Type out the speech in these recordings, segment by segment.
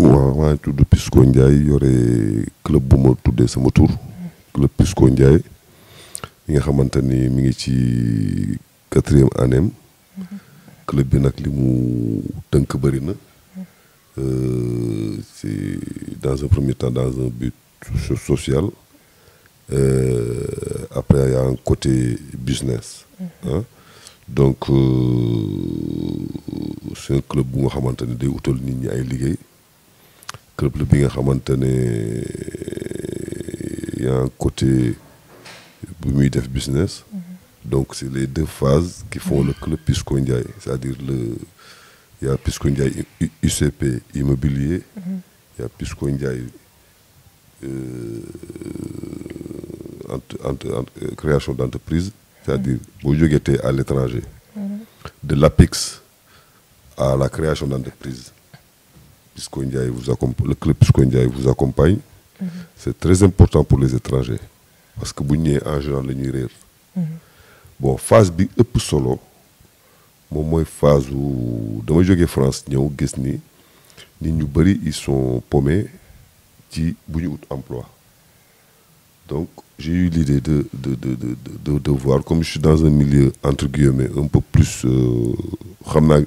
waaw maa tout tudd Pisco Ndiaye yore club bu ma tuddee sama tour club Pisco Ndiaye il nga a ni mi ngi ci quatrième année club bi nag li mu tënk bëri euh, c'est dans un premier temps dans un but social euh, après il y a un côté business hein. donc euh, c'est un club bu nga xamante ni day utal nit ñi ay liggéey club la bi nga y a un côté bu business mhm. donc c'est les deux phases qui font le mhm. club Pisco c'est-à-dire le y a Pisco UCP immobilier il y a Pisco Ndiaye mhm. euh, entre euh, création d'entreprise c'est-à-dire vous jógee tey à l'étranger de l'APEX à la création d'entreprise vous le club Pisco vous accompagne. Mhm. C'est très important pour les étrangers. Parce que vous en général le rire. Mhm. Bon, phase bi ëpp solo moom phase où dama de France ñëw gis ni nit ñu ils sont paumés ci n'ont pas emploi donc j'ai eu l'idée de de de de de voir comme je suis dans un milieu entre guillemets un peu plus euh, xam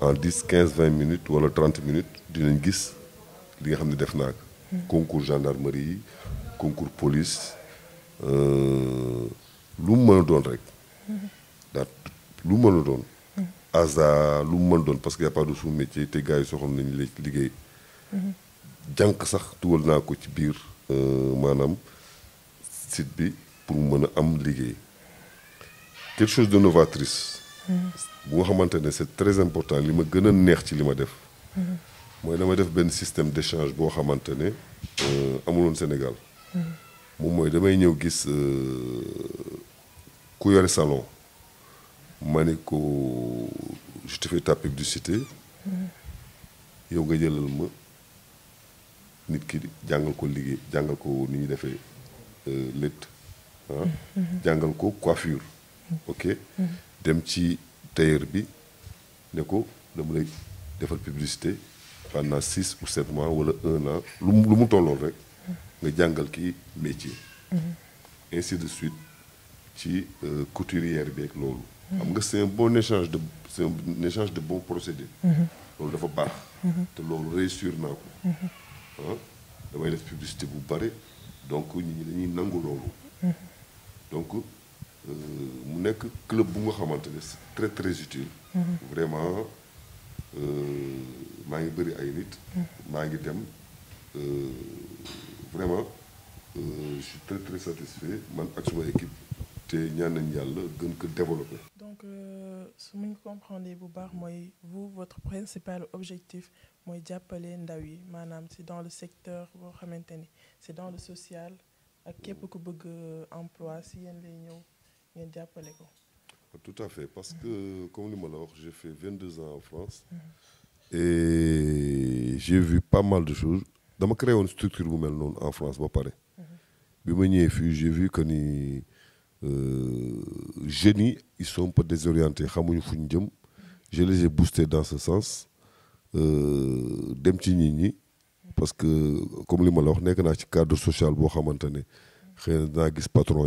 en 10, 15, 20 minutes ou 30 minutes, nous allons voir ce concours gendarmerie, concours police. Euh, ce que je veux dire, c'est que je parce qu'il n'y a pas de sous-métier, les gars sont en train de faire des choses. Je veux dire que je suis en train de faire des choses pour que je Quelque chose de novatrice bo xamante c'est très important li ma gëna neex ci li ma def moy dama def ben système d'échange boo xamante ne euh, amuloon Sénégal moom moy damay ñëw gis euh, ku yore salon ma ko je te fais ta publicité yow nga jëlal ma nit ki jàngal ko liggéey jàngal ko ni ñuy defee euh, létt ah mm-hmm. jàngal ko coiffure ok mm-hmm dem ci tailleur bi ne ko dama lay defal publicité pendant six ou sept mois wala un an lu lu mu tolloon rek nga jangal ki métier. Mm-hmm. ainsi de suite ci euh, couturière bi ak lolu xam nga c'est un bon échange de c'est un échange de bons procédés. Mm-hmm. lolu dafa baax. Mm-hmm. te lolu réussir naa ko. ah damay def publicité bu bare donc nit ñi dañuy nangu lolu donc. Euh, mu nek club bu très très utile. Mm-hmm. vraiment je euh, suis mm-hmm. euh, vraiment je suis très très satisfait équipe donc si vous comprendre bu vous votre principal objectif moy ndaw c'est dans le secteur c'est dans le social ak képp ku bëgg si tout à fait parce que comme le j'ai fait 22 ans en France. Mm-hmm. et j'ai vu pas mal de choses ma créé une structure en France mm-hmm. j'ai vu que les euh, jeunes ils sont un peu désorientés mm-hmm. je les ai boostés dans ce sens euh, parce que comme je l'ai la il y a cadre social qui ne patron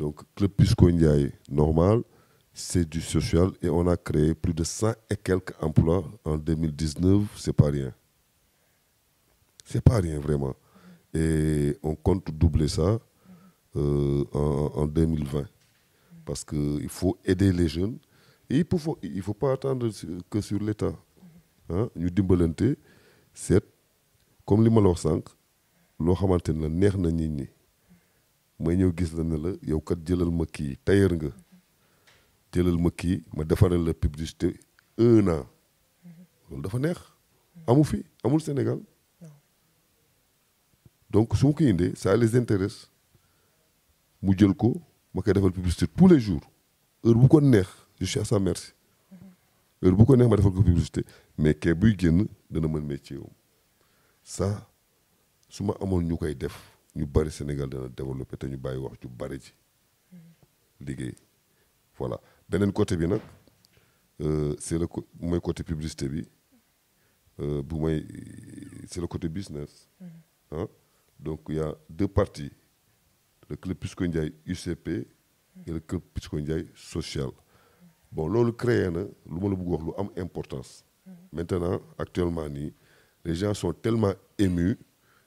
Donc, Club y ait normal, c'est du social et on a créé plus de 100 et quelques emplois en 2019. C'est pas rien. C'est pas rien, vraiment. Et on compte doubler ça euh, en, 2020. Parce qu'il faut aider les jeunes. Et il ne faut, il faut pas attendre que sur l'État. Hein? Nous c'est comme les malheurs sank, ni ni. may ñëw gis la ne la yow kat jëlal ma kii tailleur nga jëlal ma kii ma defaral la publicité un loolu dafa neex amu fi amul Sénégal donc su ma ko indee ça les intéresse mu jël ko ma koy defal publicité tous les jours heure bu ko neex je suis sa merci heure bu ko neex ma defal ko publicité mais kee buy génn dana mën métier wam ça su ma amoon ñu koy def Nous bari Sénégal dana développé te ñu bàyyi wax ju bari ci liggéey voilà benen côté bi euh c'est le côté publicité bi euh, bu mooy c'est le côté business mm-hmm. hein donc il y a deux parties le club Pisco UCP et le club Pisco social bon lolu créé na lu ma la bëgg wax lu am importance mm-hmm. maintenant actuellement ni les gens sont tellement émus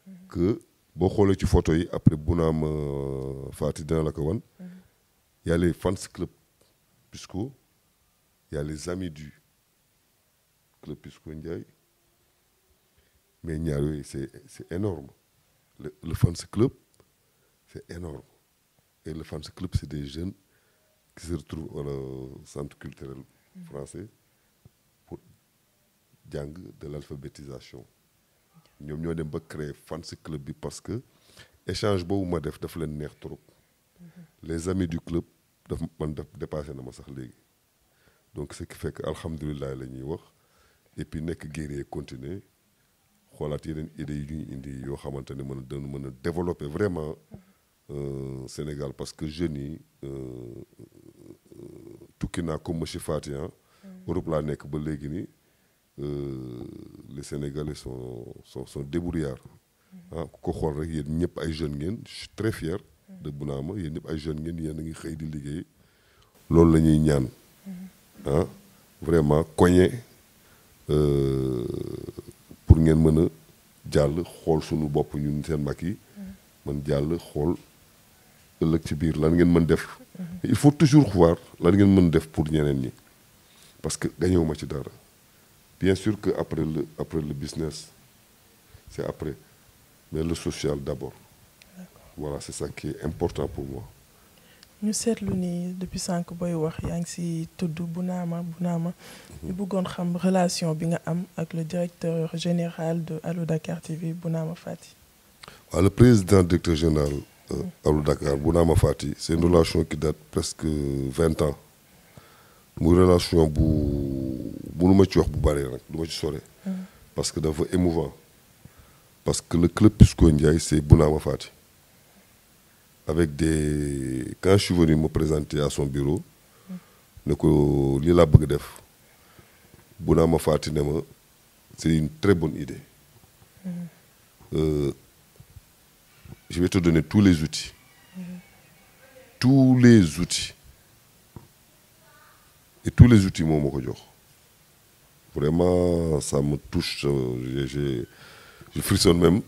mm-hmm. que il ci photo après euh, mhm. y a les fans club Pisco y a les amis du club Pisco Ndiaye mais c'est c'est énorme le fans club c'est énorme et le fans club c'est des jeunes qui se retrouvent au euh, centre culturel mhm. français pour de l'alphabétisation ñoom ñoo dem ba créer fans club bi parce que échange boobu ma def daf leen neex trop mhm. les amis du club daf man daf dépassé na ma sax léegi donc ce qui fait que alhamdulilah la ñuy wax et puis nekk guerrier continuer xoolaat yeneen idée yi ñuy indi yoo xamante ne mën a dañu mën a développer vraiment mhm. euh, Sénégal parce que jeunes yi euh, euh, euh, tukki naa comme monsieur Fatian mhm. Europe la nekk ba léegi nii euh, les Sénégalais sont, sont, sont débrouillards. Mhm. ah ku ko xool rek yéen ñëpp ay jeunes ngeen je suis très fier de mhm. Bounama yéen ñëpp ay jeunes ngeen yéen a ngi xëy di liggéey loolu la ñuy ñaan mhm. ah vraiment euh, pour ngeen mën a jàll xool suñu bop ñun seen mag man jàll xol ëllëg ci biir lan ngeen mën def il faut toujours croire lan ngeen mën def pour ñeneen ñi parce que ma ci dara Bien sûr qu'après le, après le business, c'est après, mais le social d'abord. Voilà, c'est ça qui est important pour moi. Nous sommes ni depuis cinq ans, wax yaa ngi si tudd Nous avons une relation avec am le directeur général de Allo Dakar TV Bounama Fati. le président directeur général euh, mhm. Allo Dakar Bounama Fati c'est une relation qui date presque 20 ans une relation bu mënu ma ci wax parce que c'est émouvant parce que le club Pisco c'est Bounama Fati avec des quand je suis venu me présenter à son bureau mm. ne ko lii bëgg Bounama Fati c'est une très bonne idée mm. euh, je vais te donner tous les outils mm. tous les outils et tous les outils m'ont moo vraiment ça me touche euh, j'ai je frissonne même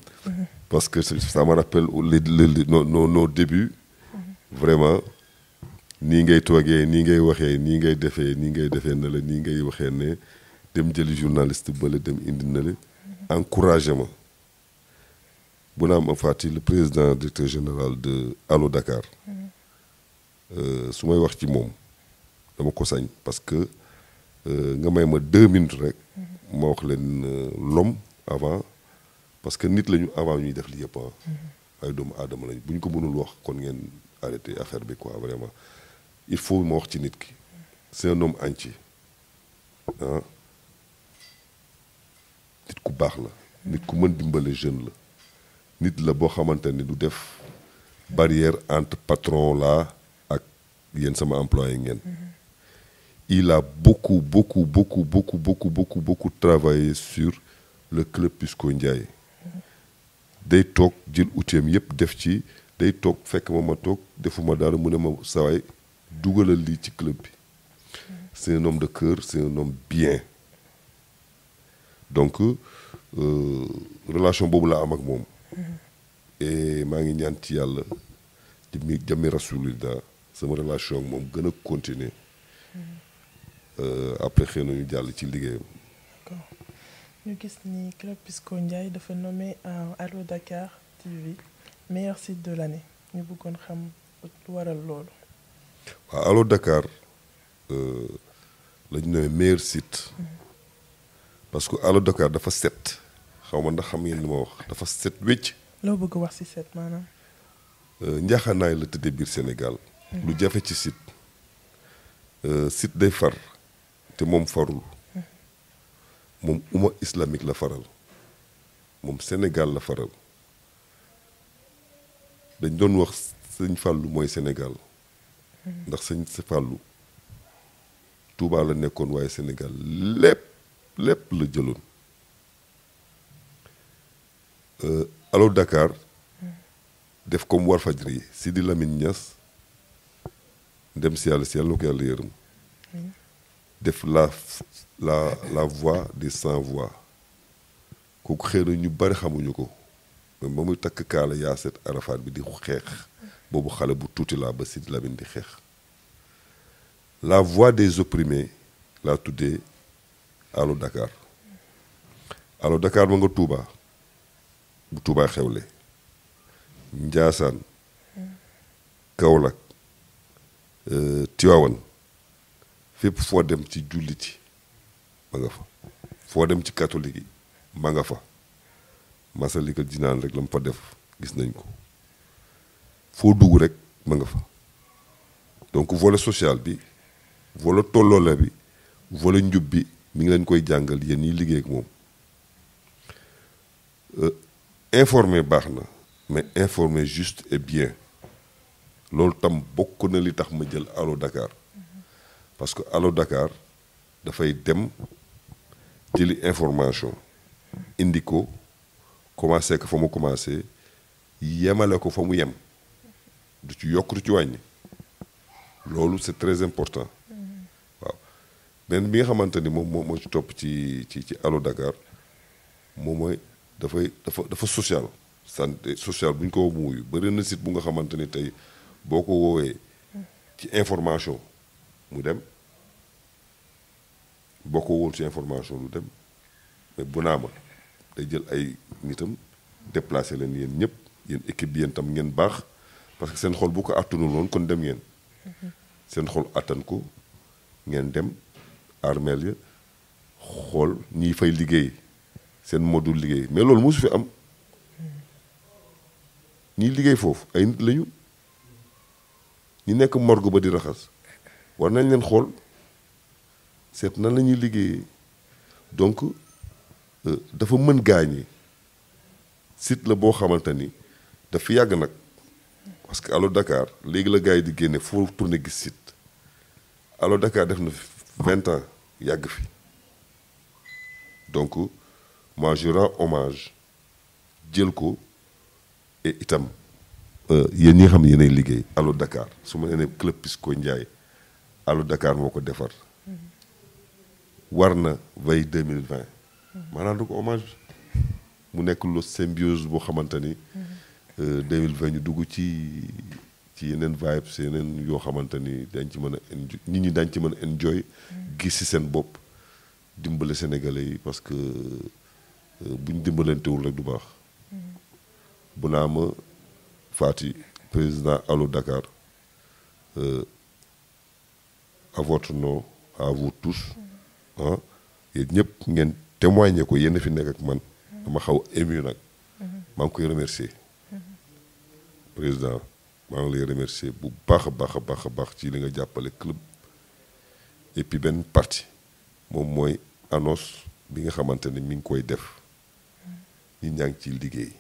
parce que ça me rappelle nos nos nos débuts vraiment ni ngay togué, ni ngay waxé, ni ngay défé, ni ngay défé na la nii ngay waxé né dem jël journaliste bële dem indi na la encouragé ma Bounama le président directeur général de Allo Dakar Euh, may wax ci je ko parce que euh, nga deux minutes rek mhm. euh, l'homme avant parce que nit lañu avant ñuy def li ah. mhm. ay Nous ne lañ pas ko mënul wax kon ngeen arrêter affaire bi quoi vraiment il faut c'est un homme entier ah nit la nit jeune la nit la du def barrière entre patron là ak sama il a beaucoup, beaucoup, beaucoup, beaucoup, beaucoup, beaucoup, beaucoup travaillé sur le club Pisco Ndiaye day talk, jël outil yëpp def ci day toog fekk talk, ma defuma dara mu ma club c'est un homme de cœur c'est un homme bien donc euh, relation boobu la am ak et maa ngi ñaan ci yàlla une relation qui continue. continuer euh, après nous. Nous ñu ci d'accord le club nommer nommé Allo Dakar TV meilleur site de l'année Nous bëggoon que Allo Dakar euh, le meilleur site. Mhm. parce que Allo Dakar set ndax xam fait sept? Euh, Sénégal. Mhm. site. site te moom farul moom umma islamique la faral moom Sénégal la faral dañ doon wax sëñ Fallou mooy Sénégal ndax sëñ Fallou Touba la nekkoon waaye Sénégal lépp lépp la jëloon euh, Allo Dakar def comme Walfadjri Sidi Lamine Niass dem si yàlla si yàlla na ko yàlla yërëm de la la la voix des sans voix kooku xëy na ñu bari xamuñu ko mais ba muy takk kaala Yaaser Arafat bi di xeex boobu xale bu tuuti laa ba Sidi Lamine di xeex la voix des opprimés laa tuddee Allo Dakar Allo Dakar ma nga Touba bu Touba xewle Njaasaan Kaolack euh, Tiwaawan fépp foo dem ci jullit yi ma nga fa foo dem ci catholique yi ma nga fa masalika jinaan rek lam fa def gis nañ ko foo dugg rek ma nga fa donc volet social bi volet tolloole bi volet njub bi mi ngi leen koy jàngal yéen ñiy liggéey ak moom euh, informer baax na mais informer juste et bien loolu tam bokk na li tax ma jël Allo Dakar parce que Allo Dakar fay dem jëli information indico ko commencé faut fa mu commencé yemale ko fa mu yem du ci yokk du ci wagn lolu c'est très important waaw ben bi nga xamante mom mo ci top ci ci ci Allo Dakar moom da fay dafa dafa social santé social buñ ko muuyu bëri na site bu nga xamante tay boko wowe ci information mu dem bokkoo woon ci information du dem mais bu naa ma day jël ay nitam déplacé leen yéen ñëpp yéen équipe bi yéen tam ngeen baax parce que seen xol boo ko àttanul woon kon dem ngeen seen xol àttan ko ngeen dem armeel ya xool ñiy fay liggéey seen modul liggéey mais loolu mosu fi am ñiy liggéey foofu ay nit lañu ñi nekk morgo ba di raxas war nañ leen xool seet na la ñuy liggéeyee donc euh, dafa mën gaañi site la boo xamante ni dafa yàgg nag parce que Allo Dakar léegi la gars yi di génne foo tourné gis sit Allo dakaar def na vingt ans yàgg fi donc moi je hommage jël ko et itam euh, yéen ñi xam ne yéenay liggéey Allo Dakar su ma nee ne club Pisco Ndiaye allu Dakar moo ko defar war na veille deux mille vingt maanaam du ko hommage mu nekk lu symbiose boo xamante ni euh, deux mille ñu dugg ci ci yeneen vibes yeneen yoo xamante ni dañ ci mën a enjoy nit ñi dañ ci mën a enjoy gis si seen bopp dimbale Sénégalais parce que euh, buñ dimbalantewul rek du baax bu naa ma Fati président allo Dakar euh, à votre nom à vous tous Hein? Et ñëpp ngeen témoigner ko avez fi avec ak man dama xaw ému Je vous remercie. président je vous remercie remercier bu ce que vous avez ci li nga club et puis ben parti moom vous annonce bi nga xamante ne mi que koy def ñi ñaa ngi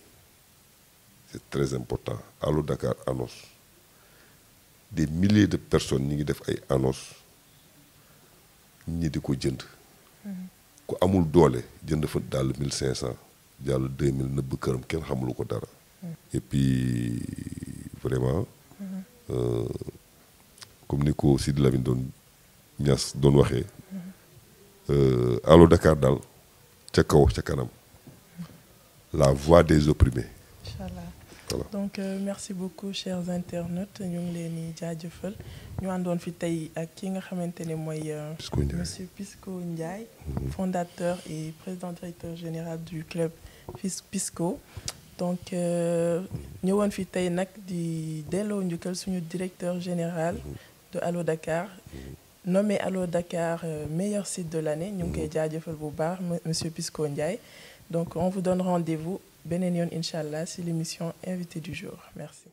c'est très important Allo Dakar annonce des milliers de personnes ñi ngi def ay annonce nit ñi di ko jënd. Mhm. ku amul doole jënd fa dal 1500 cinq 2000 neub deux mille nëbb këram kenn xamulu ko dara. Mhm. et puis vraiment. Mhm. Euh, comme ni ko Sidi Lamine doon Niass doon euh Allo Dakar dal ca kaw ca kanam. la voix des opprimés donc euh, merci beaucoup chers internautes nous ngi les di ñu fi euh, Pisco Ndiaye. Mhm. fondateur et président directeur général du club Pisco. donc euh, nous fi tey nak di directeur général mhm. de Allo Dakar. Mhm. nommé Allo Dakar meilleur site de l'année nous ngi les monsieur Pisco Ndiaye donc on vous donne rendez-vous. Benenion, Inch'Allah, c'est l'émission invité du jour merci